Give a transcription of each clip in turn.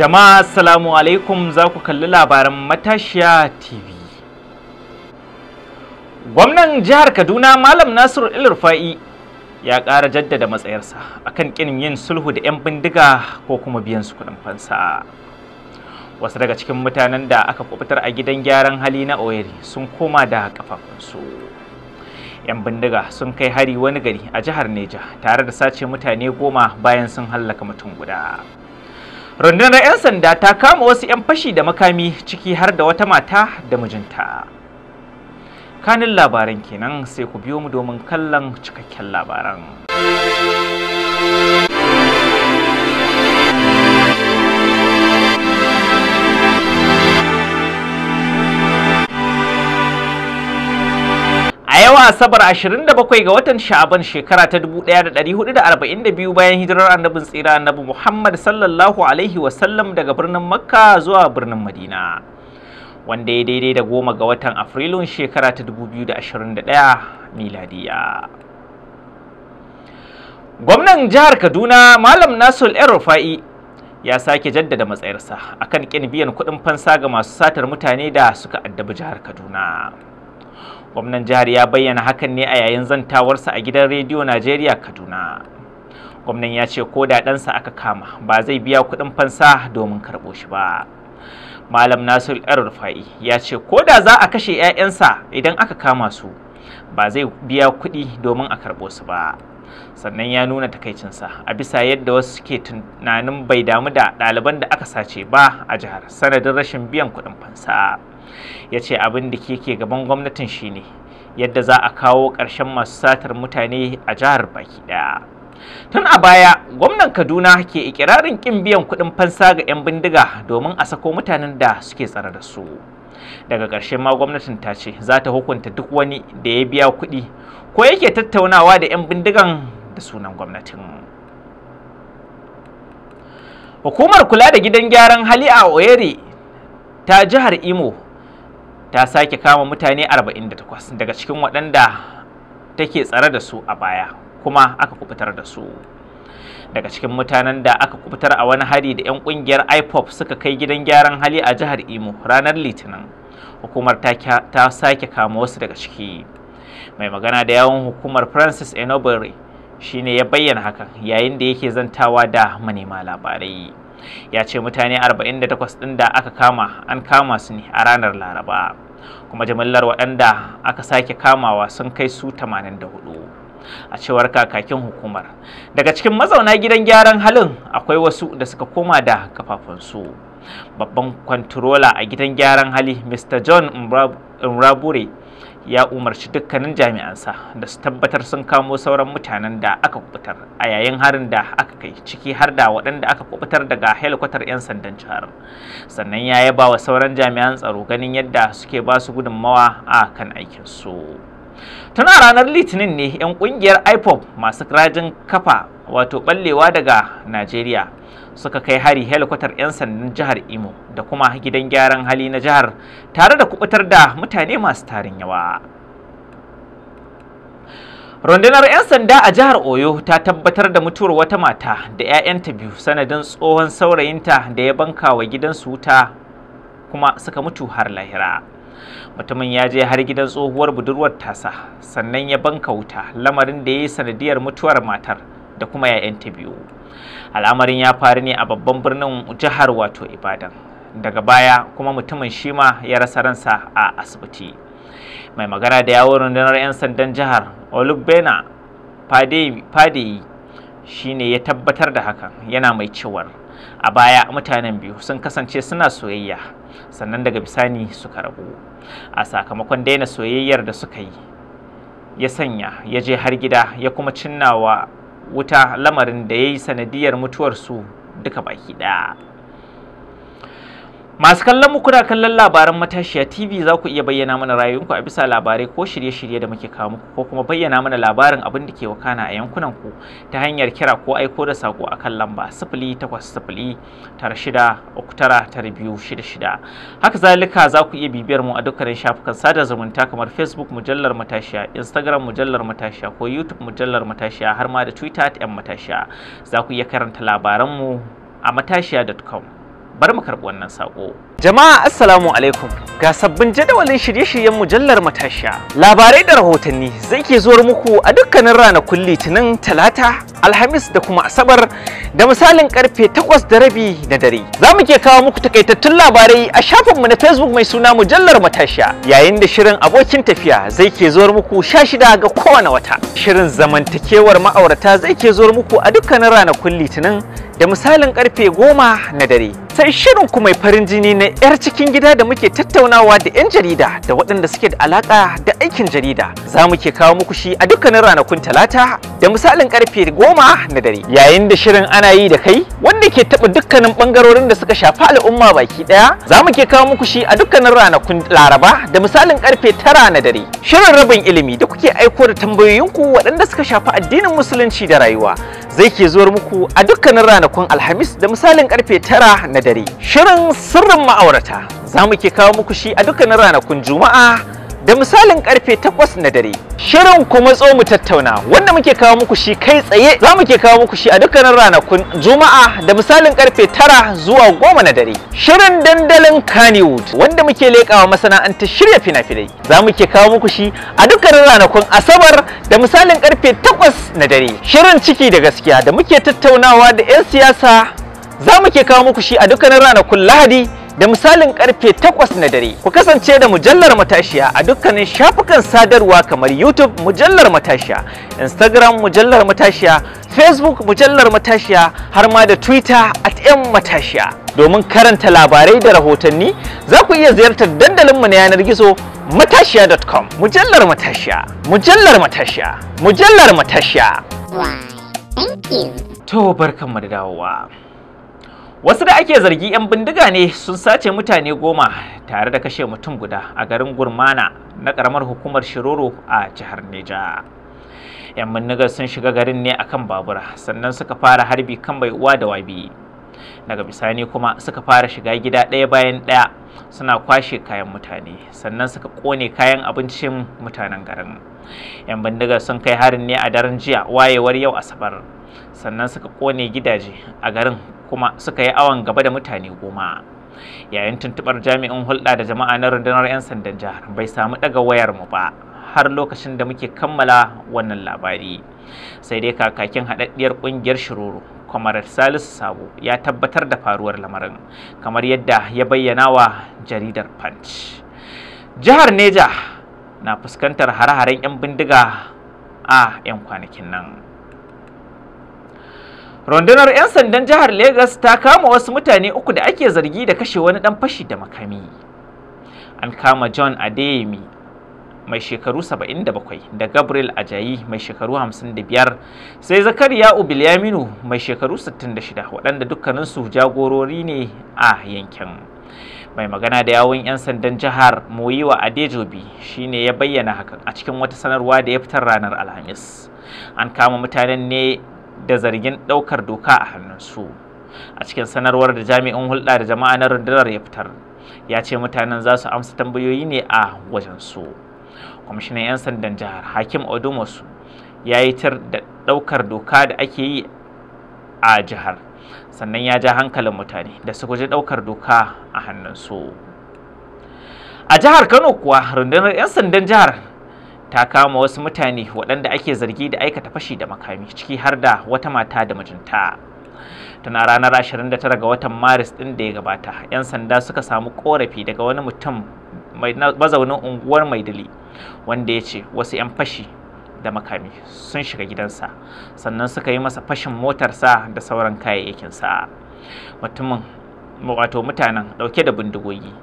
Jama'a salamu alaikum za ku kalli labaran matashiya TV. Gwamnan jihar Kaduna Malam Nasiru Ilrufa'i ya ƙara jaddada matsayarsa akan ƙin yin sulhu da 'yan bindiga ko kuma biyan su kuɗin fansa. Wasu daga cikin mutanen da aka kubutar a gidan gyaran hali na Oyeri sun koma da kafafunsu. 'Yan bindiga sun kai hari wani gari a jihar Neja tare da sace mutane goma bayan sun hallaka mutum guda. rundunar 'yan sanda ta kama wasu 'yan fashi da makami ciki har da wata mata da mijinta kanin labaran kenan sai ku biyo mu domin kallon cikakken labaran Asabar 27 ga watan Sha'aban shekara ta 1442 bayan hijirar annabin tsira annabi Muhammad sallallahu alaihi wasallam daga birnin Makka zuwa birnin Madina. Wanda ya daidai da goma ga watan Afrilun shekara ta 2021 miladiya. Gwamnan jihar Kaduna Malam Nasul erufa'i Rufa'i ya sake jaddada matsayarsa akan kin biyan kuɗin fansa ga masu satar mutane da suka addabi jihar Kaduna. gwamnan jihar ya bayyana hakan ne a yayin zantawarsa a gidan rediyo najeriya kaduna gwamnan ya ce ko da ɗansa aka kama ba zai biya kuɗin fansa domin karɓo shi ba malam nasir yar rufa'i ya ce ko da za a kashe 'ya'yansa idan aka kama su ba zai biya kuɗi domin a karɓo su ba sannan ya nuna takaicinsa a bisa yadda wasu suke tunanin bai damu da ɗaliban da aka sace ba a jihar sanadin rashin biyan kuɗin fansa ya ce abin da ke gaban gwamnatin shine yadda za a kawo ƙarshen masu satar mutane a jihar baki ɗaya tun a baya gwamnan kaduna ke ikirarin ƙin biyan kuɗin fansa ga 'yan bindiga domin a sako mutanen da suke tsare da su daga ƙarshe ma gwamnatin ta ce za ta hukunta duk wani da ya biya kuɗi ko yake tattaunawa da 'yan bindigan da sunan gwamnatin hukumar kula da gidan gyaran hali a oyere ta jihar imo ta sake kama mutane 48 daga cikin waɗanda take tsare da su a baya kuma aka kubutar da su daga cikin mutanen da aka kubutar a wani hari da 'yan kungiyar ipop suka kai gidan gyaran hali a jihar imo ranar litinin hukumar ta sake kama wasu daga ciki mai magana da yawon hukumar francis enobere shine ya bayyana hakan yayin da yake zantawa da manema labarai ya ce mutane 48 ɗin da aka kama an kama su ne a ranar laraba kuma jimillar waɗanda aka sake kamawa sun kai su 84 a cewar kakakin hukumar daga cikin mazauna gidan gyaran halin akwai wasu da suka koma da su. babban kwantirola a gidan gyaran hali mr john umrabure ya umarci dukkanin jami'ansa da su tabbatar sun kamo sauran mutanen da aka kubutar a yayin harin da aka kai ciki har da waɗanda aka kubutar daga helikwatar 'yan sandan jihar sannan ya yaba wa sauran jami'an tsaro ganin yadda suke ba su gudunmawa a kan aikinsu tana ranar litinin ne 'yan kungiyar ipop masu rajin kafa wato ballewa daga najeriya suka kai hari helikwatar 'yan sandan jihar imo da kuma gidan gyaran hali na jihar tare da kubutar da mutane masu tarin yawa rundunar 'yan sanda a jihar oyo ta tabbatar da mutuwar wata mata da 'ya'yanta biyu sanadin tsohon saurayinta da ya banka wa gidansu wuta kuma suka mutu har lahira mutumin ya je har gidan tsohuwar budurwar tasa sannan ya banka wuta lamarin da ya yi sanadiyar mutuwar matar da kuma 'ya'yanta biyu al'amarin ya faru ne a babban birnin jihar wato ibadan daga baya kuma mutumin shi ma ya rasa ransa a asibiti mai magana da yawon rundunar 'yan sandan jihar olubena fadeyi shine ya tabbatar da hakan yana mai cewar a baya mutanen biyu sun kasance suna soyayya sannan daga bisani suka rabu a sakamakon daina soyayyar da suka yi ya sanya ya je har gida ya kuma cinnawa wuta lamarin da ya yi sanadiyar mutuwarsu duka baki ɗaya Masu kallon mu kuna kallon labaran matashiya TV za ku iya bayyana mana ra'ayoyinku a bisa labarai ko shirye-shirye da muke kawo muku ko kuma bayyana mana labarin abin da ke wakana a yankunan ku ta hanyar kira ko aiko da sako akan lamba shida-shida. Haka zalika za ku iya bibiyar mu a dukkanin shafukan sada zumunta kamar Facebook mujallar matashiya, Instagram mujallar matashiya ko YouTube mujallar matashiya har ma da Twitter at matashiya. Za ku iya karanta labaran mu a matashiya.com. bari mu karɓi wannan saƙo Jama'a Assalamu alaikum ga sabbin jadawalin shirye-shiryen mujallar matashiya. Labarai da rahotanni zai ke zuwar muku a dukkanin ranakun litinin talata, alhamis da kuma asabar da misalin karfe takwas da rabi na dare. Za mu ke kawo muku takaitattun labarai a shafinmu na Facebook mai suna mujallar matashiya yayin da shirin abokin tafiya zai ke zuwar muku sha shida ga kowane wata. Shirin zamantakewar ma'aurata zai ke zuwar muku a dukkanin ranakun litinin da misalin karfe goma na dare. Sai shirin ku mai farin jini na 'yar cikin gida da muke tattaunawa da 'yan jarida da waɗanda suke da alaƙa da aikin jarida za mu ke kawo muku shi a dukkanin ranakun talata da misalin karfe goma na dare yayin da shirin ana yi da kai wanda ke taɓa dukkanin ɓangarorin da suka shafi al'umma baki ɗaya za mu ke kawo muku shi a dukkanin ranakun laraba da misalin karfe tara na dare shirin rabin ilimi da kuke aiko da tambayoyinku waɗanda suka shafi addinin musulunci da rayuwa zai ke zuwar muku a dukkanin ranakun alhamis da misalin karfe tara na dare shirin sirrin ma'aurata za mu ke kawo muku shi a dukkanin ranakun juma'a da misalin karfe 8 na dare shirin kuma tso mu tattauna wanda muke kawo muku shi kai tsaye za mu ke kawo muku shi a dukkanin ranakun juma'a da misalin karfe 9 zuwa 10 na dare shirin dandalin Kannywood wanda muke lekawa masana'antar shirya fina-finai za mu ke kawo muku shi a dukkanin ranakun asabar da misalin karfe 8 na dare shirin ciki da gaskiya da muke tattaunawa da 'yan siyasa za mu ke kawo muku shi a dukkanin ranakun lahadi da misalin karfe 8 na dare. Ku kasance da mujallar matashiya a dukkanin shafukan sadarwa kamar YouTube mujallar matashiya, Instagram mujallar matashiya, Facebook mujallar matashiya har ma da Twitter at M matashiya. Domin karanta labarai da rahotanni za ku iya ziyartar dandalinmu na yanar gizo matashiya.com mujallar matashiya mujallar matashiya mujallar matashiya. Wow, thank you. To barkanmu Wasu da ake zargi 'yan bindiga ne sun sace mutane goma tare da kashe mutum guda a garin Gurmana na ƙaramar hukumar Shiroro a jihar Neja. 'Yan bindigar sun shiga garin ne a kan babura sannan suka fara harbi kan bai uwa da wabi. Daga bisani kuma suka fara shiga gida ɗaya bayan ɗaya suna kwashe kayan mutane sannan suka ƙone kayan abincin mutanen garin. 'Yan bindigar sun kai harin ne a daren jiya wayewar yau Asabar sannan suka ƙone gidaje a garin kuma suka yi awon gaba da mutane goma yayin tuntubar jami'in hulɗa da jama'a na rundunar 'yan sandan jihar bai samu ɗaga wayar mu ba har lokacin da muke kammala wannan labari sai dai kakakin haɗaɗɗiyar ƙungiyar shiroro kwamarar salisu sabo ya tabbatar da faruwar lamarin kamar yadda ya bayyana wa jaridar punch jihar neja na fuskantar hare-haren 'yan bindiga a 'yan kwanakin nan rundunar 'yan sandan jihar Legas ta kama wasu mutane uku da ake zargi da kashe wani dan fashi da makami. An kama John Adeyemi mai shekaru 77 da Gabriel Ajayi mai shekaru 55 sai Zakariya Ubilyaminu mai shekaru 66 waɗanda dukkaninsu jagorori ne a yankin. mai magana da yawun 'yan sandan jihar moyiwa adejobi shine ya bayyana hakan a cikin wata sanarwa da ya fitar ranar alhamis an kama mutanen ne da zargin ɗaukar doka a hannunsu a cikin sanarwar da jami'in hulɗa da jama'a na rundunar ya fitar ya ce mutanen za su amsa tambayoyi ne a wajensu kwamishinan 'yan sandan jihar hakim odumosu ya yi tar da ɗaukar doka da ake yi a jihar sannan ya ja hankalin mutane da su guji ɗaukar doka a hannunsu a jihar kano kuwa rundunar 'yan sandan jihar ta kama wasu mutane waɗanda ake zargi da aikata fashi da makami ciki har da wata mata da mijinta tana ranar 29 ga watan maris ɗin da ya gabata 'yan sanda suka samu korafi daga wani mutum mazaunin unguwar maidili wanda ya ce wasu 'yan fashi da makami sun shiga gidansa sannan suka yi masa fashin motarsa da sauran kayayyakinsa mutumin wato mutanen ɗauke da bindigogi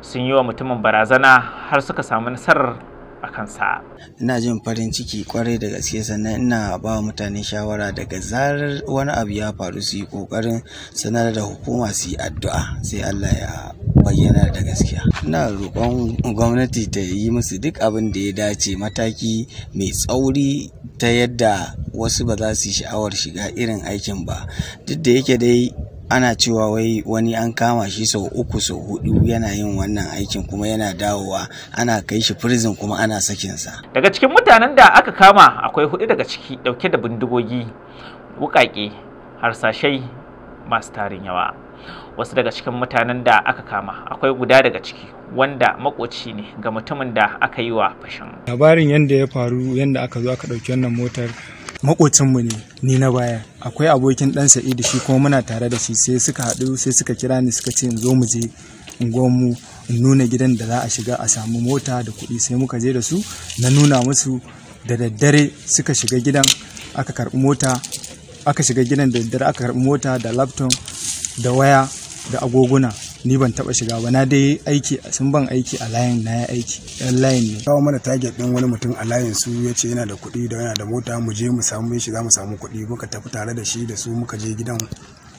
sun yi wa mutumin barazana har suka samu nasarar a kansa. Ina jin farin ciki kwarai da gaske sannan ina ba mutane shawara daga zarar wani abu ya faru su yi kokarin sanar da hukuma su yi addu'a sai Allah ya bayyana da gaskiya. Ina roƙon gwamnati ta yi musu duk abin da ya dace mataki mai tsauri ta yadda wasu ba za su yi sha'awar shiga irin aikin ba duk da yake dai ana cewa wai wani an kama shi sau uku sau hudu yana yin wannan aikin kuma yana dawowa ana kai shi prison kuma ana sakinsa daga cikin mutanen da aka kama akwai hudu daga ciki dauke da bindigogi wukake harsashai masu tarin yawa wasu daga cikin mutanen da aka kama akwai guda daga ciki wanda makoci ne ga mutumin da aka yi wa fashin labarin yadda ya faru yadda aka zo aka ɗauki wannan motar makocinmu ne ni na baya akwai abokin dan sa'idu shi kuma muna tare da shi sai suka haɗu sai suka kira ni suka ce in zo mu je mu in nuna gidan da za a shiga a samu mota da kuɗi sai muka je da su na nuna musu da daddare suka shiga gidan aka karɓi mota aka shiga gidan da daddare aka karɓi mota da laptop da waya da agoguna ni ban taba shiga ba na dai aiki sun ban aiki a layin na ya aiki yan layin ne kawo mana target din wani mutum a layin su ya ce yana da kuɗi da yana da mota mu je mu samu shi za mu samu kuɗi muka tafi tare da shi da su muka je gidan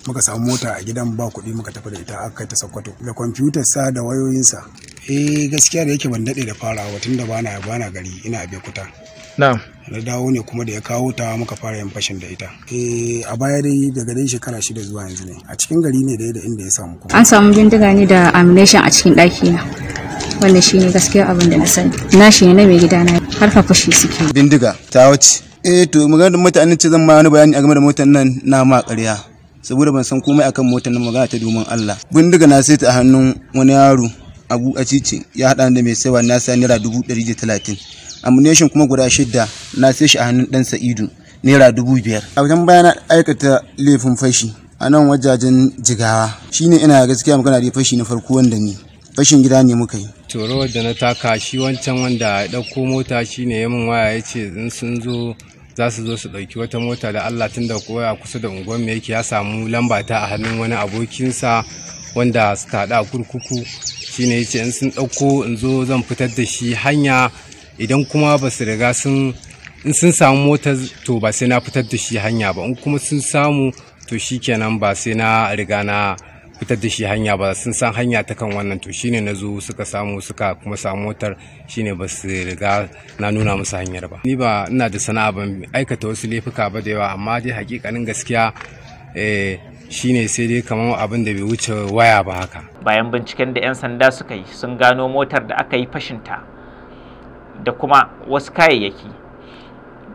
muka samu mota a gidan ba kuɗi muka tafi da ita aka kai ta sokoto da kwamfutar sa da wayoyinsa eh gaskiya da yake ban daɗe da farawa tun da bana bana gari ina kuta na dawo ne kuma da ya kawo ta muka fara yin fashin da ita eh, a baya dai daga dai shekara shida zuwa yanzu ne a cikin gari ne dai da inda ya samu kuma an samu bindiga ne da ammunition a cikin ɗaki na wannan ne gaskiya abin da na sani na shi ne na mai gida na har fa fashi suke bindiga ta wuce eh to magana da mutane ce zan ma wani bayani a game da motar nan na ma ƙarya saboda ban san komai akan motar nan magana ta domin Allah bindiga na sai ta a hannun wani yaro abu a cice ya haɗa da mai saiwa na sa naira dubu ɗari da talatin ammunition kuma guda shidda na sai shi a hannun dan sa'idu naira dubu biyar a wajen bayan aikata laifin fashi a nan wajajen jigawa shine ina gaskiya magana da fashi na farko wanda ni fashin gida ne muka yi toro da na taka shi wancan wanda ya ɗauko mota shine ya min waya ya ce in sun zo za su zo su ɗauki wata mota da Allah tun da koya kusa da unguwar mai yake ya samu lamba ta a hannun wani abokinsa wanda suka haɗa kurkuku shine ya ce in sun ɗauko in zo zan fitar da shi hanya idan kuma ba su riga sun in sun samu mota to ba sai na fitar da shi hanya ba in kuma sun samu to shi kenan ba sai na riga na fitar da shi hanya ba sun san hanya ta kan wannan to shine na zo suka samu suka kuma samu motar shine ba su riga na nuna musu hanyar ba ni ba ina da sana'a ban aikata wasu laifuka ba da yawa amma dai hakikanin gaskiya eh, shine sai dai kamar abin da bai wuce waya ba haka bayan binciken da 'yan sanda suka yi sun gano motar da aka yi fashinta da kuma wasu kayayyaki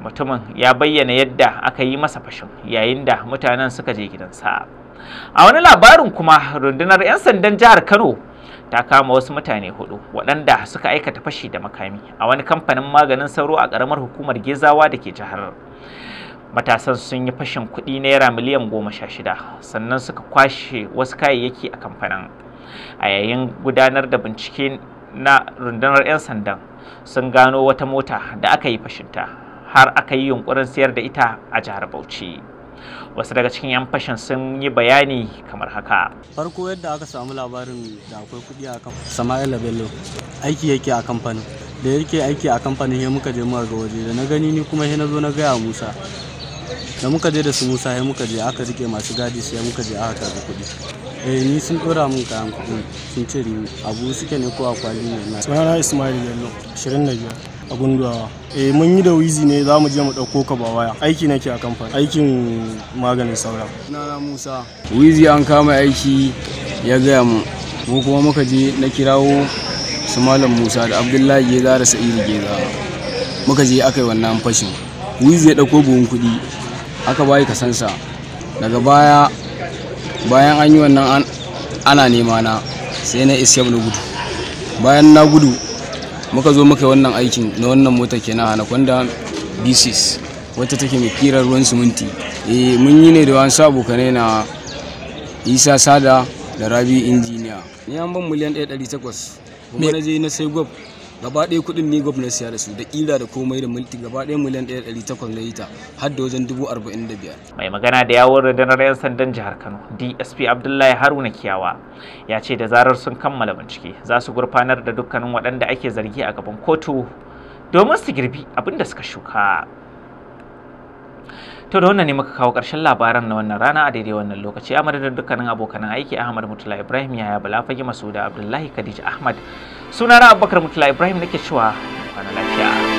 mutumin ya bayyana yadda aka yi masa fashin yayin da mutanen suka je gidansa a wani labarin kuma rundunar 'yan sandan jihar kano ta kama wasu mutane hudu waɗanda suka aikata fashi da makami a wani kamfanin maganin sauro a ƙaramar hukumar gezawa da ke jihar matasan sun yi fashin kuɗi naira miliyan goma sha shida sannan suka kwashe wasu kayayyaki a kamfanin a yayin gudanar da binciken. na rundunar 'yan sandan sun gano wata mota da aka yi fashinta har aka yi yunkurin siyar da ita a jihar Bauchi. wasu daga cikin 'yan fashin sun yi bayani kamar haka farko yadda aka samu labarin da akwai kuɗi a kan sama'ila bello aiki yake a kamfanin da yake aiki a kamfanin ya muka je muka ga waje da na gani ni kuma na zo na gaya musa da muka je da su musa ya muka je aka rike masu gadi sai muka je aka karbi kuɗi eh ni sun dora mun kayan kuɗi sun ce ni abu suke ne ko akwali ne na sunana ismail yallo 25 a gunduwa eh mun yi da wizi ne za mu je mu ɗauko ka ba waya aiki nake a kamfani aikin maganin saura sunana musa wizi an kama aiki ya gaya mu mu kuma muka je na kirawo su malam musa da abdullahi geza da sa'idu geza muka je aka yi wannan fashin wizi ya ɗauko buhun kuɗi aka bayi kasansa daga baya bayan an yi wannan ana nema na sai na iska na gudu bayan na gudu muka zo muka wannan aikin na wannan mota ke hana kwanda bisis wata take mai kirar ruwan siminti e mun yi ne da wani sabu kane na isa sada da rabi injiniya ni an ban miliyan 1800 kuma na je na sai gwab gaba ɗaya kuɗin ne gwamnati siya da su da ƙila da komai da mulki gaba ɗaya miliyan ɗaya ɗari takwas na yita har da wajen dubu arba'in da biyar. mai magana da yawon rundunar 'yan sandan jihar kano dsp abdullahi haruna kiyawa ya ce da zarar sun kammala bincike za su gurfanar da dukkanin waɗanda ake zargi a gaban kotu domin su girbi abin da suka shuka. to da wannan ne muka kawo ƙarshen labaran na wannan rana a daidai wannan lokaci a madadin dukkanin abokan aiki Ahmad Mutula Ibrahim yaya Bala Fage da Abdullahi Khadija Ahmad sunana Abubakar Mutula Ibrahim nake cewa kwana lafiya